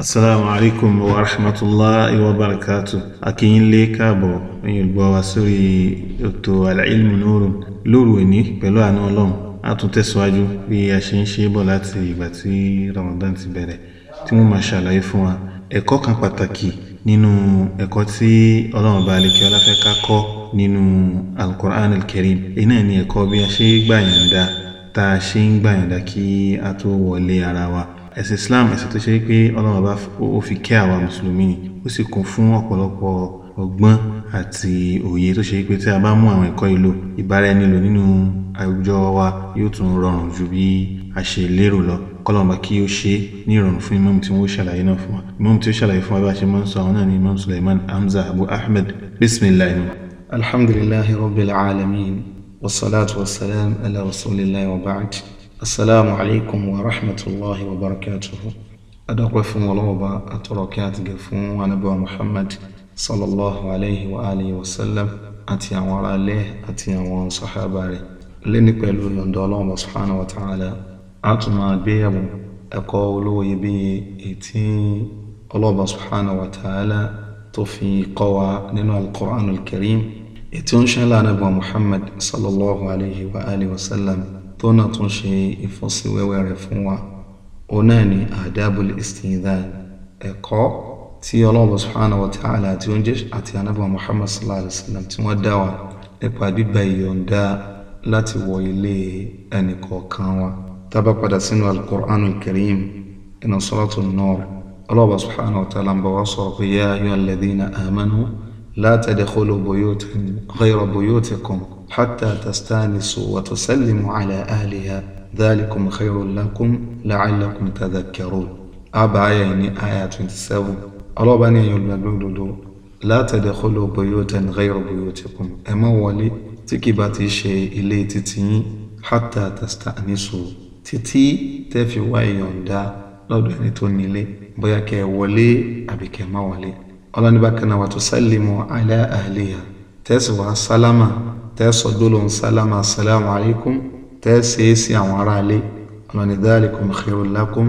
asalaamu alaykum wa rahmatulahi wa barakatu akínyìn lè káàbọ̀ ẹ̀yin gbọ́ wa sórí ètò al-ilmu nurun lóru òní pẹ̀lú àánú ọlọ́run a tún tẹ̀síwájú bí a ṣe ń ṣe bọ̀ láti ìgbà tí ramadan ti bẹ̀rẹ̀ tí wọ́n máa ṣàlàyé fún wa ẹ̀kọ́ kan pàtàkì nínú ẹ̀kọ́ tí ọlọ́run bá lè kí ọlá fẹ́ ká kọ́ nínú al-Qur'an al-Karim èyí bí a ṣe gbàyànda tá a ṣe ń gbàyànda kí a tó wọlé ara wa ẹ̀sìn Islam ẹ̀sìn tó ṣe wípé Ọlọ́run bá ó fi kẹ́ àwa mùsùlùmí ni ó sì kún fún ọ̀pọ̀lọpọ̀ ọgbọ́n àti òye tó ṣe wípé tí a bá mú àwọn ẹ̀kọ́ yìí lò ìbára ẹni lò nínú àwùjọ wa yóò tún rọrùn ju bí a ṣe lérò lọ kọlọmọ kí ó ṣe ní ìrọ̀rùn fún imam tí wọ́n ṣàlàyé náà fún wa imam tí ó ṣàlàyé fún wa bá ṣe máa ń sọ àwọn náà ni imam Sulaiman Hamza Abu Ahmed bisimilahi. alhamdulilayi rabbil alamin wasalaatu wasalaam ala rasulillahi wa baad asalaamu alaykum wa rahmatulahi wa barakatuhu adọ́pẹ́ fún ọlọ́ọ̀ba àtọ̀rọ̀kẹ́ àtìgẹ́ fún anábẹ́wà muhammad sallallahu alayhi wa alihi wa sallam àti àwọn ará ilé àti àwọn sàhábà rẹ̀ lẹ́ni pẹ̀lú lọ́dọ̀ ọlọ́ọ̀ba subhanahu wa ta'ala a tún máa gbéyàwó ẹ̀kọ́ olówó iyebíye ètí ọlọ́ọ̀ba subhanahu wa ta'ala tó fi kọ́ wa nínú al-Qur'an al-Karim ètí ó ń ṣẹlẹ̀ muhammad sallallahu alayhi wa alihi wa sallam tó náà tún ṣe ìfọ́síwẹ́wẹ́ rẹ̀ fún wa òun náà ni adabul istidhan ẹ̀kọ́ tí Ọlọ́hun subhanahu wa ta'ala àti oúnjẹ àti anábọ̀ Muhammad sallallahu alayhi wa sallam tí wọ́n dá wa nípa gbígba ìyọ̀ǹda láti wọ ilé ẹnì kọ̀ọ̀kan wa tá padà sínú al-Qur'an al-Karim inú Suratul Nur Ọlọ́hun subhanahu wa ta'ala ń bá sọ̀rọ̀ pé yá ayyuhal ladhina لا تدخلوا بيوت غير بيوتكم حتى تستانسوا وتسلموا على أهلها ذلكم خير لكم لعلكم تذكرون أبا يعني آية 27 الله بني يلبلو لا تدخلوا بيوتا غير بيوتكم أما ولي تكباتي شيء إلي تتين حتى تستأنسوا تتي تفي ويوندا لو دعني توني لي بيا كي ولي أبي كي ما ولي ọlọ́ni bákan náà wàtò sálẹ̀mù alẹ́ àhìlẹ́yà tẹ́sí wàá sálámà tẹ́sọ̀ gbólóhùn sálámà sàlámù alaykum tẹ́sí èsì àwọn aráalé ọlọ́ni dhalikum khairul lakum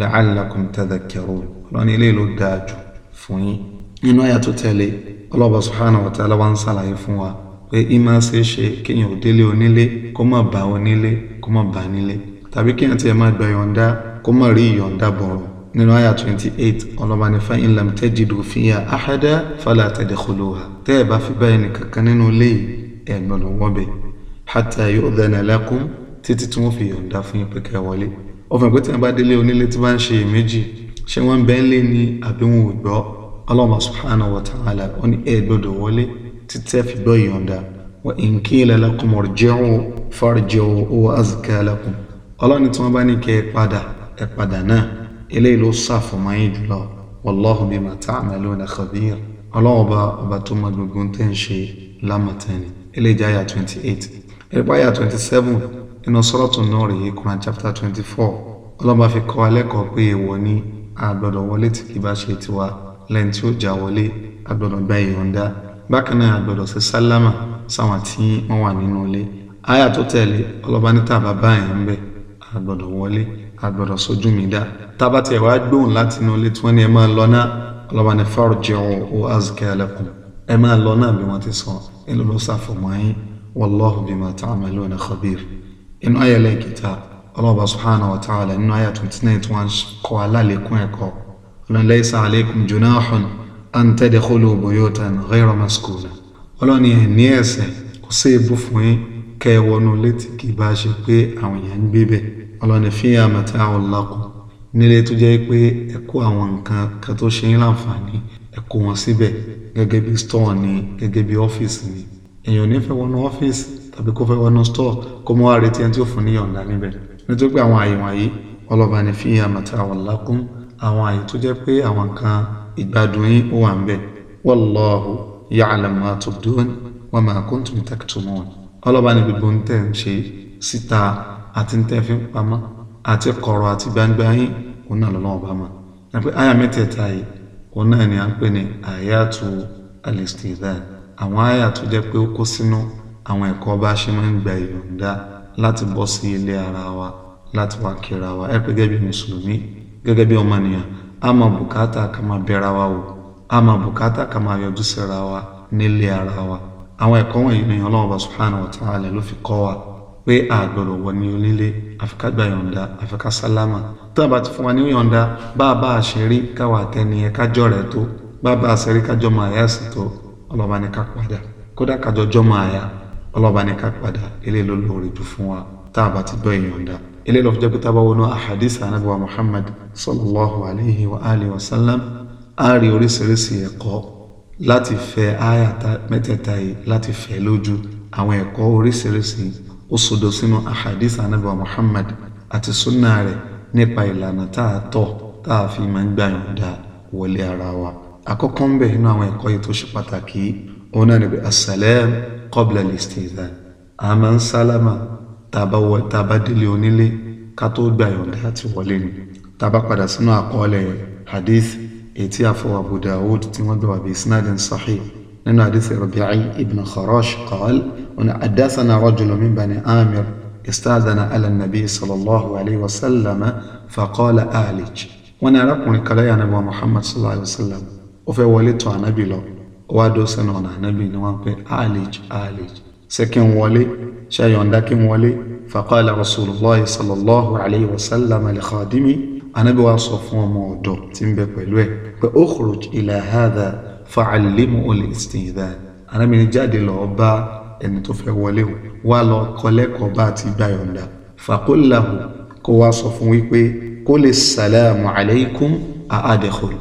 la'allakum tadhakkarun ọlọ́ni ilé ló dáa jù fún yín. nínú àyà tó tẹ̀lé ọlọ́ba subhanahu wa ta'ala wa ń sàlàyé fún wa pé ìmá ṣe é ṣe kéèyàn ò délé onílé kó má bá onílé kó má bá nílé tàbí kéèyàn tiẹ̀ má gba ìyọ̀ǹda kó má rí ìyọ̀ǹda bọ̀rọ̀ nínú àyà twenty eight ọlọ́ba ní fa'in lam tajidu fiha ahada fala tadkhuluha tẹ́ ẹ bá fi bá ẹnì kankan nínú ilé ẹ̀ gbọ́dọ̀ wọ́n bẹ̀ hatta yu'dhana lakum títí tí wọ́n fi yọ̀ǹda fún yín pé kẹ́ wọlé ọ̀fìn pé tí wọ́n bá délé onílé tí wọ́n ṣe èméjì ṣé wọ́n bẹ́ẹ̀ lé ní àbí wọn ò subhanahu wa ta'ala ó ní ẹ̀ gbọ́dọ̀ wọlé títí ẹ fi gbọ́ ìyọ̀ǹda wa in qila lakum irji'u farji'u huwa azka tí wọ́n bá ní kẹ́ ẹ padà ẹ padà náà eléyìí ló sàfọmọ yín jùlọ wallahu bima ta'maluna khabir ọlọ́ọ̀ba ọba tó mọ gbogbo ń tẹ́ ń ṣe lámọ̀tẹ́ni eléyìí jáyà twenty eight ẹ̀rẹ́páyà twenty seven inú sọ́rọ́tù Nur yìí Quran chapter twenty four ọlọ́ba fi kọ́ alẹ́kọ̀ọ́ pé èèwọ̀ ni àgbọ̀dọ̀ wọlé tí kì bá ṣe tiwa lẹ́yìn tí ó jà wọlé àgbọ̀dọ̀ gba ìyọ̀ǹda bákan náà àgbọ̀dọ̀ sí sálámà sáwọn tí wọ́n wà nínú ilé àyà tó tẹ̀lé ọlọ́ba níta bàbá yẹn ń bẹ àgbọ̀dọ̀ wọlé agbọ̀dọ̀ sojú mi dá tábà tí ẹ wá gbóhùn láti inú ilé tí wọ́n ní ẹ máa lọ náà ọlọ́wà ní farji'u wa azka lakum ẹ máa lọ náà bí wọ́n ti sọ ẹ ló ló ṣàfọ̀mọ́ yín wallahu bima ta'maluna khabir inú ayé lẹ́yìn kìtà ọlọ́wà subhanahu wa ta'ala nínú ayé twenty nine tí wọ́n kọ́ alálẹ́kùn ẹ̀kọ́ ọlọ́ni laysa ọlọ́ni fíyà mẹ́ta ọ̀làkù nílé tó jẹ́ pé ẹ kó àwọn nǹkan kan tó ṣe yín láǹfààní ẹ kó wọn síbẹ̀ gẹ́gẹ́ bí stọ́ọ̀ ni gẹ́gẹ́ bí ọ́fíìsì ni èèyàn ò ní fẹ́ wọnú ọ́fíìsì tàbí kó fẹ́ wọnú stọ́ọ̀ kó mọ́ àrètí ẹni tí ó fún ní yọ̀ǹda níbẹ̀ nítorí pé àwọn àyè wọ̀nyí ọlọ́ba ni fíyà mẹ́ta ọ̀làkù àwọn àyè tó jẹ́ pé àwọn nǹkan ìgbádùn yín ó wà àti tẹ́ fi ń pamọ́ àti kọ̀rọ̀ àti gbangba yín òun náà lọ́wọ́ bá mọ̀ ẹ pé àyà mẹ́tẹ̀ẹ̀ta ni àwọn tó pé ó kó sínú àwọn ṣe máa ń gba láti sí ilé ara wa láti wá kíra wa ẹ pé bí mùsùlùmí bí a máa bùkátà ká máa bẹ̀ra wa wò a máa bùkátà ká máa yọjú síra wa nílé ara wa àwọn ni wa pé a gbọ́dọ̀ wọ ní onílé àfi ká gba yọ̀ǹda àfi tó a bá ti fún wa ní yọ̀ǹda bá a bá a ṣe rí káwa àtẹnìyẹn kájọ rẹ̀ tó bá a bá a ṣe rí kájọ máa yá sí tó ọlọ́ba ní ká padà kódà kájọ jọ máa yá ọlọ́ba ní ká padà ilé ló lóore fún wa tá a bá ti gbọ́ ìyọ̀ǹda ilé lọ́ọ́ fi jẹ́ pé tá a bá wọnú ahadith anabi wa muhammad sallallahu alayhi wa alihi wa sallam a rí oríṣiríṣi ẹ̀kọ́ láti fẹ́ àyà mẹ́tẹ̀ẹ̀ta yìí láti fẹ́ lójú àwọn ẹ̀kọ́ oríṣiríṣi ó sodo sínú ahadith anabi muhammad àti sunna rẹ̀ nípa ìlànà tá a tọ̀ tá a fi máa ń gbà yọ̀ǹda wọlé ara wa àkọ́kọ́ ń bẹ nínú àwọn ẹ̀kọ́ yìí tó ṣe pàtàkì òun náà ni pé asalaam qabla al-istizan a máa ń sálámà tá a bá délé onílé ká tó gbà yọ̀ǹda àti wọlé ni tá a bá padà sínú àkọọ́lẹ̀ hadith èyí àfọwọ́ Abu Dawud tí wọ́n gbà wà bí isnadin sahih لأن حديث ربيعي ابن خراش قال حدثنا رجل من بني آمر استاذن على النبي صلى الله عليه وسلم فقال آلج وانا رقم كلايا نبي محمد صلى الله عليه وسلم وفي وليت نبي له وادو سنة وانا نبي نوان في آلج آلج سكن ولي شاي داكن ولي فقال رسول الله صلى الله عليه وسلم لخادمي أنا بواصف ومودو تنبه بلوي فأخرج إلى هذا fa'allimu al-istidhan anábì ní jáde lọ́ọ́ bá ẹni tó fẹ́ wọlé o wá lọ kọ́lẹ́kọ̀ọ́ bá ti gbà yọ̀ǹda faqul lahu kó wá sọ fún wípé qul assalamu alaykum a adkhul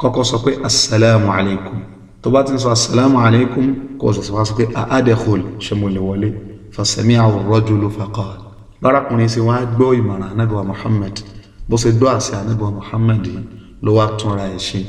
kọ́kọ́ sọ pé assalamu alaykum tó bá ti ń sọ assalamu alaykum kó sọ sọ pé a ṣe mo lè wọlé fasami'ahu ar-rajulu faqala lọ́rakùnrin sì wá gbọ́ ìmọ̀ràn anábì bó ṣe gbọ́ àṣẹ anábì wa ló wá túnra ẹ̀ ṣe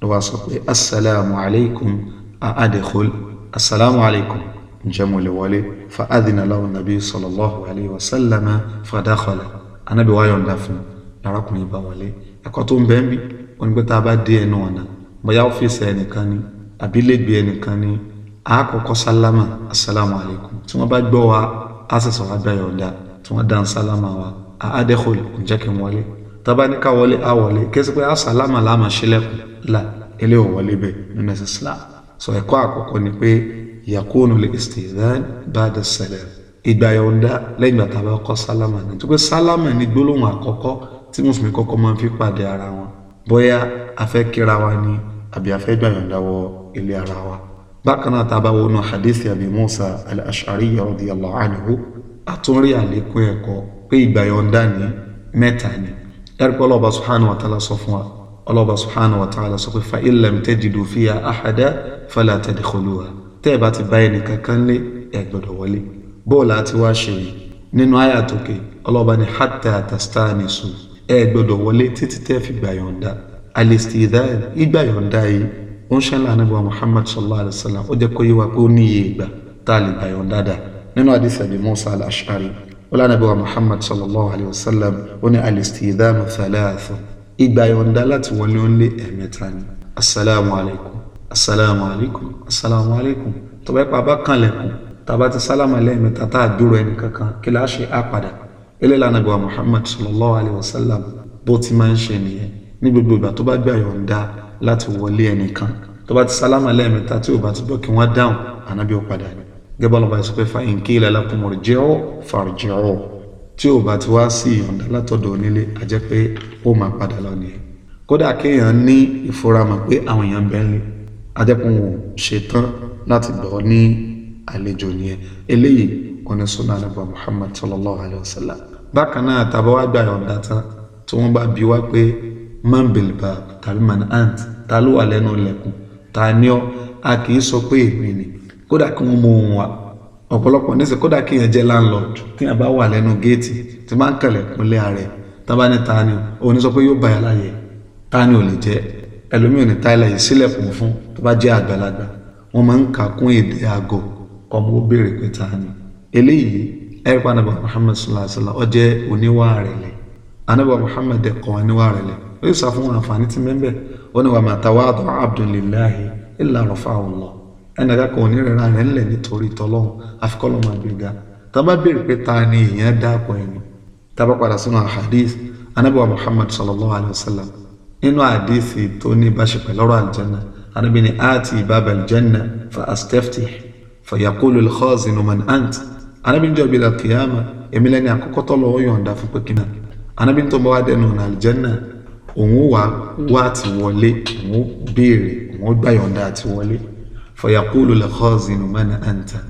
ló wá sọ pé asalaamu alaykum adkhul asalaamu alaykum ǹjẹ́ mo lè wọlé fa adina lahu nabi sallallahu alayhi wa sallam fa dakhala anabi wa yọ̀ǹda fún arákùnrin bá wọlé ẹ̀kọ́ tó ń bẹ́ẹ̀ bí wọ́n gbé tá a bá dé ẹnu ọ̀nà bóyá ọ́fíìsì ẹnìkan ni àbílẹ̀gbẹ̀ ẹnìkan ni a kọ́kọ́ asalaamu alaykum tí wọ́n bá gbọ́ wa a sẹ̀sọ̀ wá gbà yọ̀ǹda tí wọ́n dá ń wa a adkhul ǹjẹ́ kí tábà ní ká wọlé á wọlé kẹsí pé àsàlámà láàmà ṣílẹ̀kùn là ilé ò wọlé bẹ nínú ẹsẹ islam sọ ẹ̀kọ́ àkọ́kọ́ ni pé yakunu lè istizan ba'da salam ìgbà yọ̀ǹda lẹ́yìn ìgbà tá a bá kọ́ sálámà ní tókè sálámà ní gbólóhùn àkọ́kọ́ tí mùsùlùmí kọ́kọ́ máa ń fi pàdé ara wọn bóyá a ni àbí a fẹ́ gbà yọ̀ǹda wọ ilé ara wa. bákan náà tá a musa al-ash'ari radiyallahu anhu àtúnrí àlékún ẹ̀kọ́ pé ìgbà yọ̀ǹda ní mẹ́ta ẹ̀rìkọ́ ọlọ́ọ̀bá subhanahu wa ta'ala sọ fún wa ọlọ́ọ̀bá subhanahu wa ta'ala sọ pé fa illam tajidu fiha ahada fala tadkhuluha tẹ́ ẹ̀ bá ti bá ẹnì kankan lé ẹ̀ gbọ́dọ̀ wọlé bóòlù àti wá ṣe yìí nínú àyà tókè ọlọ́ọ̀bá ni hatta tastanisu ẹ̀ gbọ́dọ̀ wọlé títí tẹ́ fi gbà yọ̀ǹda al-istidhan ìgbà yọ̀ǹda yìí ó ń ṣẹlẹ̀ ànábọ̀ Muhammad sallallahu alayhi wa sallam ó jẹ́ kó yé wa pé ó ọlànàbíwá muhammad sallallahu alayhi wa sallam ó ní alistidhanu thalathu ìgbà yọ̀ǹda láti wọlé ó lé ẹ̀mẹ́ta ni asalaamu alaykum asalaamu alaykum asalaamu alaykum tọ́ba ẹ̀pà bá kàn lẹ́kùn tàbá ti sálámà lẹ́ẹ̀mẹ́ta tá a dúró ẹni kankan kí la ṣe á padà eléyìí lànàbíwá muhammad sallallahu alayhi wa sallam bó ti máa ń ṣe nìyẹn ní gbogbo ìgbà tó bá gbà yọ̀ǹda láti wọlé ẹnìkan tó bá ti sálámà lẹ́ẹ̀mẹ́ta tí ò bá ti gbọ́ kí wọ́n dáhùn ànábì padà ni gẹ́gẹ́ bọ́lá sọ pé fàyín kí ilẹ̀ lápòmọ̀ jẹ́ ọ́ fàrjẹ́ ọ́ tí ò bá ti wá sí ìyọ̀ǹda látọ̀dọ̀ onílé a jẹ́ pé ó máa padà lọ nìyẹn kódà kéèyàn ní ìfúramọ̀ pé àwọn èèyàn bẹ́ẹ̀ ni a wọn ò ṣetán láti gbọ́ ní àlejò nìyẹn eléyìí kò ní sunna ànábì Muhammad sallallahu alayhi wa sallam bákan náà tàbá wá gba ìyọ̀ǹda tán tí wọ́n bá bi wá pé man bil bab tàbí man ta ló wà lẹ́nu ilẹ̀kùn ta ni ọ́ a kì í sọ pé èmi nìyẹn kódà kí wọ́n mú òun wá ọ̀pọ̀lọpọ̀ ní sẹ́ kódà kí yẹn jẹ́ landlord tí yẹn bá wà lẹ́nu géètì tí máa ń kẹ̀lẹ̀ kúnlé ààrẹ tábà ní ta ni òun ní sọ pé yóò bá yà láàyè ta ni ò lè jẹ́ ẹlòmíì ní táìlẹ̀ yìí sílẹ̀kùn fún tó bá jẹ́ àgbàlagbà wọ́n máa ń kà kún èdè àgọ̀ ọmọ ó béèrè pé ta ni eléyìí ẹ̀rọ anábà Muhammad sallallahu alayhi wa sallam jẹ́ oníwà rẹ̀ lẹ̀ anábà Muhammad ẹ̀kọ́ oníwà rẹ̀ lẹ̀ ó yẹ sọ fún àǹfààní tí mẹ́mbẹ́ ó ní wàá màtàwá àdùn abdulillahi illa rafa'ullah ẹnìkan kan ò ní rẹra rẹ̀ ńlẹ̀ nítorí tọlọ́hún àfikọ́lọ́ máa gbé ga tábà béèrè pé ta ni èèyàn dáàpọ̀ ẹ̀yìn tábà padà sínú àhàdíìs anábìwá muhammad sallallahu alayhi wa sallam nínú àdíìsì tó ní báṣe pẹ̀lú ọ̀rọ̀ àlùjẹ́nà anábì ni aati baba aljanna fa astaftih fa yaqulu alkhazinu man ant anábì níjọ́ bíi alkiyama èmi lẹ́ni àkọ́kọ́ tó lọ́wọ́ yọ̀ǹda fún pé kínà anábì tó bá wà dẹnu ọ̀nà àlùjẹ́nà òun wà wá àti wọlé òun béèrè òun gbà yọ̀ǹda àti wọlé fọyàkúlù lẹ́kọ́ọ̀zìn mẹ́ni ẹ̀ǹtẹ̀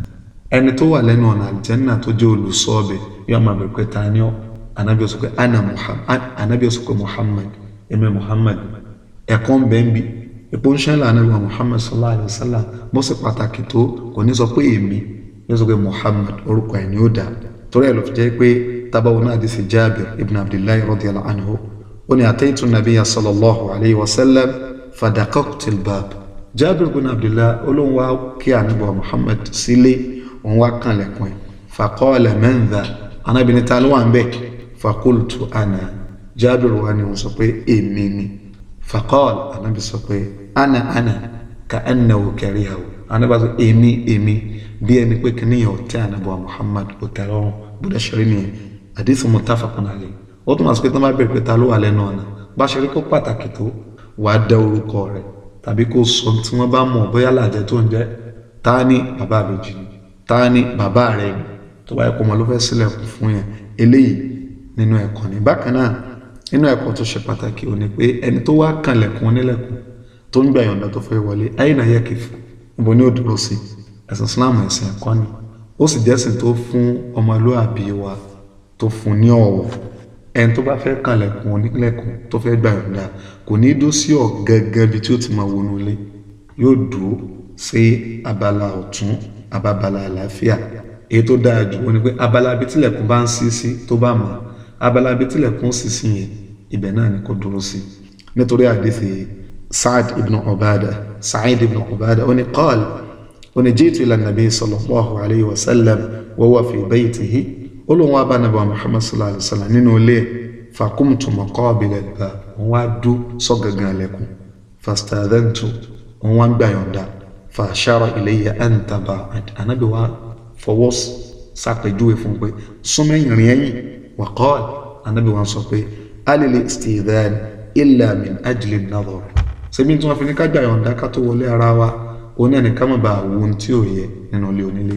ẹni tó wà lẹ́nu ọ̀nà àjẹ́nà tó jẹ́ olùsọ́ọ̀bẹ̀ yóò máa bẹ̀rẹ̀ pé ta ni ọ́ anabi ọ̀sùn pé ana muhammad anabi ọ̀sùn pé muhammad ẹ̀mẹ́ muhammad ẹ̀kọ́ ń bẹ́ẹ̀ bí epo ń ṣẹlẹ̀ anabi wa muhammad sallallahu alayhi wa sallam bó sì pàtàkì tó kò ní sọ pé èmi yóò sọ pé muhammad orúkọ ẹ̀ ni ó dáa torí ẹ̀ ló fi jẹ́ pé tabawo náà di sí jaabir ibn abdullahi radiyallahu anhu ó ní ataytu nabiyya sallallahu alayhi wa sallam fadakaktu al-bab jabir bin abdullah olóhùn wa kí ànábì muhammad sílé òun wa kànlẹ̀kùn ẹ̀ faqala man dha anábìnrin ta ló wà ń bẹ̀ faqultu ana jabir wa ni òun sọ pé èmi ni faqala anábì sọ pé ana ana ka annahu karihahu anábì sọ èmi èmi bí ẹni pé kìnìyàn ọ̀tẹ́ ànábì muhammad òtẹ́rọ̀rùn bùdá ṣeré nìyẹn àdìsí muttafaqun alayhi ó tún máa sọ pé tó máa bẹ̀rẹ̀ pé ta ló wà lẹ́nu ọ̀nà bá ṣe rí kó pàtàkì tó wàá dá orúkọ rẹ̀ tàbí kó sọ tí wọ́n bá mọ̀ bóyá làjẹ́ tó ń jẹ́ ta ni bàbá àbèjì ni ta ni bàbá rẹ̀ ni tó bá yẹ kó mọ ló fẹ́ sílẹ̀kùn fún yẹn eléyìí nínú ẹ̀kọ́ ni bákan náà nínú ẹ̀kọ́ tó ṣe pàtàkì ò ní pé ẹni tó wá kanlẹ̀kùn onílẹ̀kùn tó ń gba ìyọ̀ǹda tó fẹ́ wọlé àyìnà yẹ kì fún ni ó dúró sí ẹ̀sìn Islam ẹ̀sìn ẹ̀kọ́ ni ó sì jẹ́sìn tó fún ọmọlúwàbí wa tó fún ní ọ̀wọ̀ ẹni tó bá fẹ́ kànlẹ̀kùn onílẹ̀kùn tó fẹ́ gbà yọ̀ǹda kò ní dó sí ọ̀ gẹ́gẹ́ bí tí ó ti máa wọnú ilé yóò dúró sí abala ọ̀tún ababala àlàáfíà èyí tó dáa jù wọ́n ni pé abala bí tilẹ̀kùn bá ń sí sí tó bá mọ̀ abala bí tilẹ̀kùn sì sí yẹn ibẹ̀ náà ni kò dúró sí nítorí àdìsí Sa'd ibn Ubada Sa'id ibn Ubada ó ní qala ó ní jiitu ila nabi sallallahu alayhi wa sallam wa ó lóun wá bá nàbà Muhammad sallallahu alayhi wa sallam nínú ilé ẹ̀ fàkúmùtù maqabil al-bab òun wá dú sọ́gangan lẹ́kùn fastadhantu òun wá ń gbà yọ̀ǹda fàṣàrà ilayya an taba'ad ànábì wá fọwọ́ sàpèjúwe fún pé súnmẹ́yìn rìn ẹ̀yìn wa qala ànábì wá sọ pé alìlẹ̀ istidhan illa min ajli sẹ́mi tí wọ́n fi ní ká gbà yọ̀ǹda ká tó wọlé ara wa òun náà ní ká má bàa ò yẹ nínú ilé onílé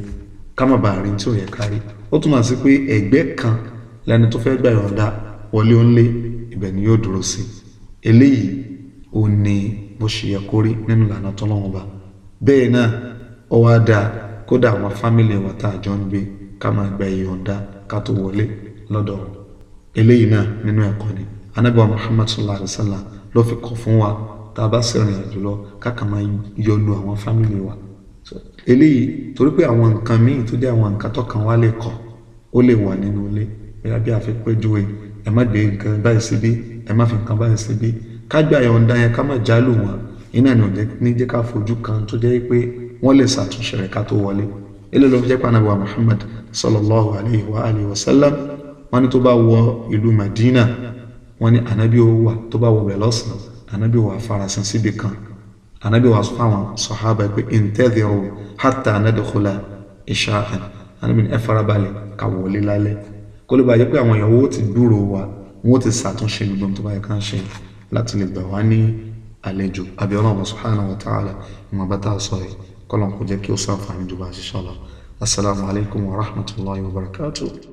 ká má bàa rìn tí ò yẹ ká rí ó túmọ̀ sí pé ẹ̀gbẹ́ kan lẹni tó fẹ́ gbà yọ̀ǹda wọlé ó ń lé ibẹ̀ ni yóò dúró sí eléyìí ò ní bó ṣe yẹ kó rí nínú ìlànà tọ́lọ́wọ́n ba bẹ́ẹ̀ náà ó wá dáa kódà àwọn fámìlì wa tá a jọ ń gbé ká máa gba ìyọ̀ǹda ká tó wọlé lọ́dọ̀ eléyìí náà nínú ẹ̀kọ́ ni ànábì muhammad sallallahu alayhi wa sallam ló fi kọ̀ fún wa tá a bá sì rìn àjò lọ ká kà máa yọnu àwọn fámìlì wa eléyìí torí pé àwọn nǹkan míì tó jẹ́ àwọn nǹkan tọkàn wa lè kọ̀ ó lè wà nínú ilé bóyá bí àfipéjúwe ẹ má gbé nǹkan báyìí síbí ẹ má fi nǹkan báyìí síbí ká gbé àyọ̀ǹda yẹn ká má jálù wọn iná ní jẹ́ ká fojú kan tó jẹ́ pé wọ́n lè ṣàtúnṣe rẹ̀ ká tó wọlé ilé ló fi jẹ́ pàánà wa Muhammad sallallahu alayhi wa alayhi wa sallam wọ́n ní tó bá wọ ìlú Madina wọ́n ní ànábì ó wà tó bá wọ bẹ̀ lọ́sàn-án ànábì ó farasin síbi kan anabi wa sọ àwọn sọhábà pé ntẹ́dìrò hàtà anádìkúlà ìṣáà anabi ẹ farabalẹ̀ ká wọlé lálẹ́ kó lè bá yẹ pé àwọn ìyàwó ti dúró wa wọn ti ṣàtúnṣe gbogbo ohun tó bá yẹ ká ṣe láti lè gbà wá ní àlejò àbí ọlọ́run subhanahu wa ta'ala ìmọ̀ bá tá a sọ yìí kọ́lọ́n kò jẹ́ kí ó ṣàǹfààní jù bá a ṣiṣẹ́ lọ asalaamualeykum wa rahmatulahi wa barakatuh.